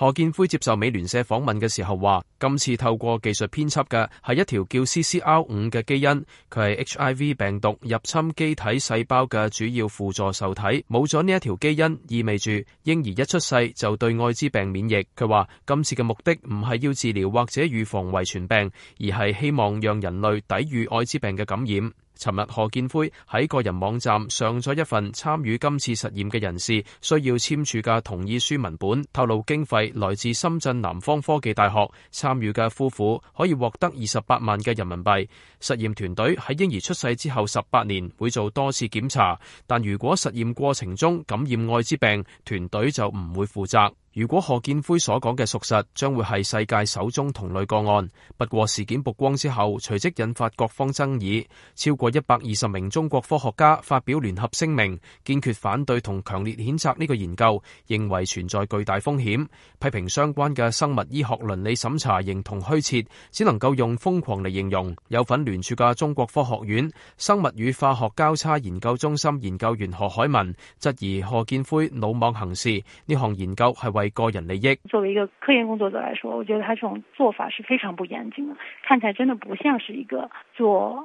何賀建奎接受美聯社訪問嘅時候話，今次透過技術編輯嘅係一條叫 CCR 五嘅基因，佢係 HIV 病毒入侵機體細胞嘅主要輔助受體。冇咗呢一條基因，意味住嬰兒一出世就對艾滋病免疫。佢話今次嘅目的唔係要治療或者預防遺傳病，而係希望讓人類抵禦艾滋病嘅感染。尋日何賀建奎喺個人網站上咗一份參與今次實驗嘅人士需要簽署嘅同意書文本，透露經費。來自深圳南方科技大學，參與嘅夫婦可以獲得二十八萬嘅人民幣。實驗團隊喺嬰兒出世之後十八年會做多次檢查，但如果實驗過程中感染艾滋病，團隊就唔會負責。如果賀建奎所講嘅屬實，將會係世界首宗同類個案。不過事件曝光之後，隨即引發各方爭議。超過一百二十名中國科學家發表聯合聲明，堅決反對同強烈譴責呢個研究，認為存在巨大風險，批評相關嘅生物醫學倫理審查形同虛設，只能夠用瘋狂嚟形容。有份聯署嘅中國科學院生物與化學交叉研究中心研究員何海文質疑賀建奎魯莽行事，呢項研究係為。為個人利益。作為一個科研工作者來說，我覺得他這種做法是非常不嚴謹的，看起來真的不像是一個做。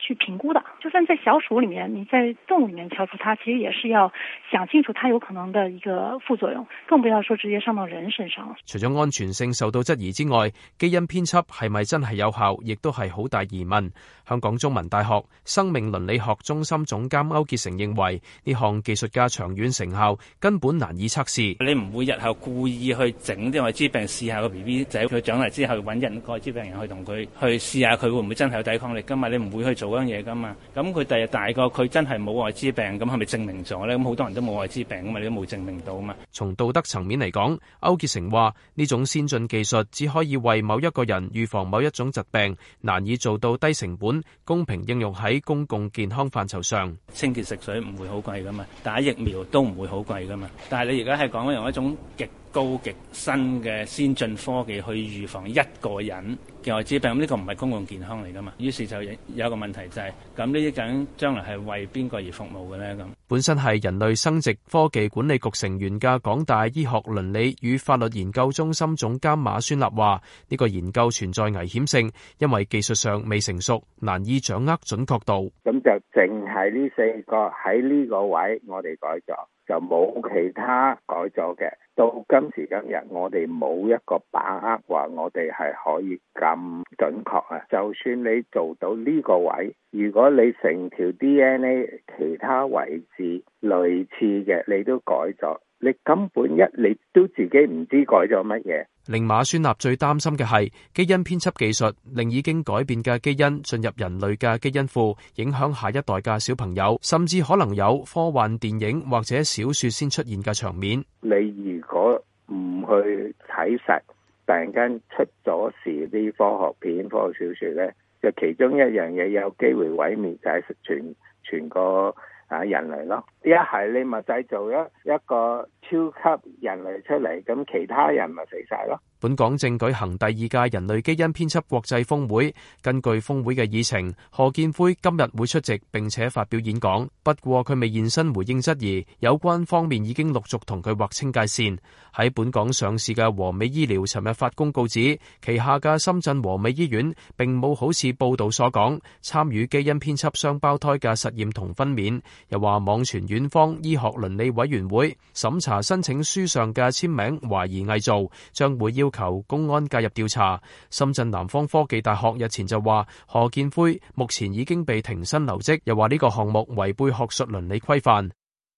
去評估的，就算在小鼠裏面，你在動物裏面敲出它，其實也是要想清楚它有可能的一個副作用，更不要說直接上到人身上。除咗安全性受到質疑之外，基因編輯係咪真係有效，亦都係好大疑問。香港中文大學生命倫理學中心總監歐杰成認為，呢項技術嘅長遠成效根本難以測試。你唔會日後故意去整啲艾滋病試下個 B B 仔，佢長大之後揾人個艾滋病人去同佢去試下佢會唔會真係有抵抗力噶嘛？今你唔會去做。嗰樣嘢噶嘛，咁佢第日大個，佢真係冇艾滋病，咁係咪證明咗咧？咁好多人都冇艾滋病啊嘛，你都冇證明到啊嘛。從道德層面嚟講，歐杰成話呢種先進技術只可以為某一個人預防某一種疾病，難以做到低成本、公平應用喺公共健康範疇上。清潔食水唔會好貴噶嘛，打疫苗都唔會好貴噶嘛，但係你而家係講用一種極高級新嘅先進科技去預防一個人嘅愛滋病，咁呢個唔係公共健康嚟噶嘛？於是就有一個問題，就係咁，呢啲緊將來係為邊個而服務嘅呢？咁本身係人類生殖科技管理局成員嘅港大醫學倫理與法律研究中心總監馬宣立話：呢個研究存在危險性，因為技術上未成熟，難以掌握準確度。咁就淨係呢四個喺呢個位，我哋改咗，就冇其他改咗嘅。到今時今日，我哋冇一個把握話我哋係可以咁準確啊！就算你做到呢個位，如果你成條 DNA 其他位置類似嘅，你都改咗，你根本一你都自己唔知改咗乜嘢。令馬孫立最擔心嘅係基因編輯技術令已經改變嘅基因進入人類嘅基因庫，影響下一代嘅小朋友，甚至可能有科幻電影或者小說先出現嘅場面。你如如果唔去睇實，突然間出咗事，啲科學片、科學小説咧，就其中一樣嘢有機會毀滅，就係全全個啊人類咯。一係你咪製造一一個超級。人類出嚟，咁其他人咪死晒咯。本港正舉行第二屆人類基因編輯國際峰會。根據峰會嘅議程，賀建奎今日會出席並且發表演講。不過佢未現身回應質疑，有關方面已經陸續同佢劃清界線。喺本港上市嘅和美醫療尋日發公告指，旗下嘅深圳和美醫院並冇好似報道所講參與基因編輯雙胞胎嘅實驗同分娩，又話網傳院方醫學倫理委員會審查申請書。上嘅簽名懷疑偽造，將會要求公安介入調查。深圳南方科技大學日前就話，賀建奎目前已經被停薪留職，又話呢個項目違背學術倫理規範。